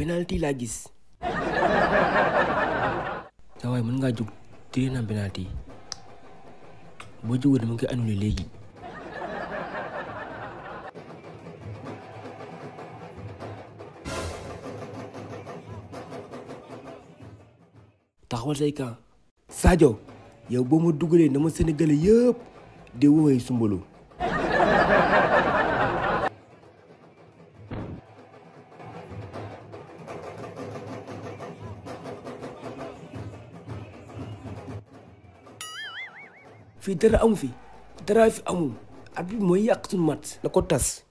penalty laa gis. saa waay mën ngaa jug tiré naa penalty boo jógee dama koy annulé léegi. taxawal say kan Sadio yow boo ma dugalee na ma Sénégalais yépp di woowee Soumboulou fii dara amu fi dara fi amul at bi mooy yàq suñu mat na ko tas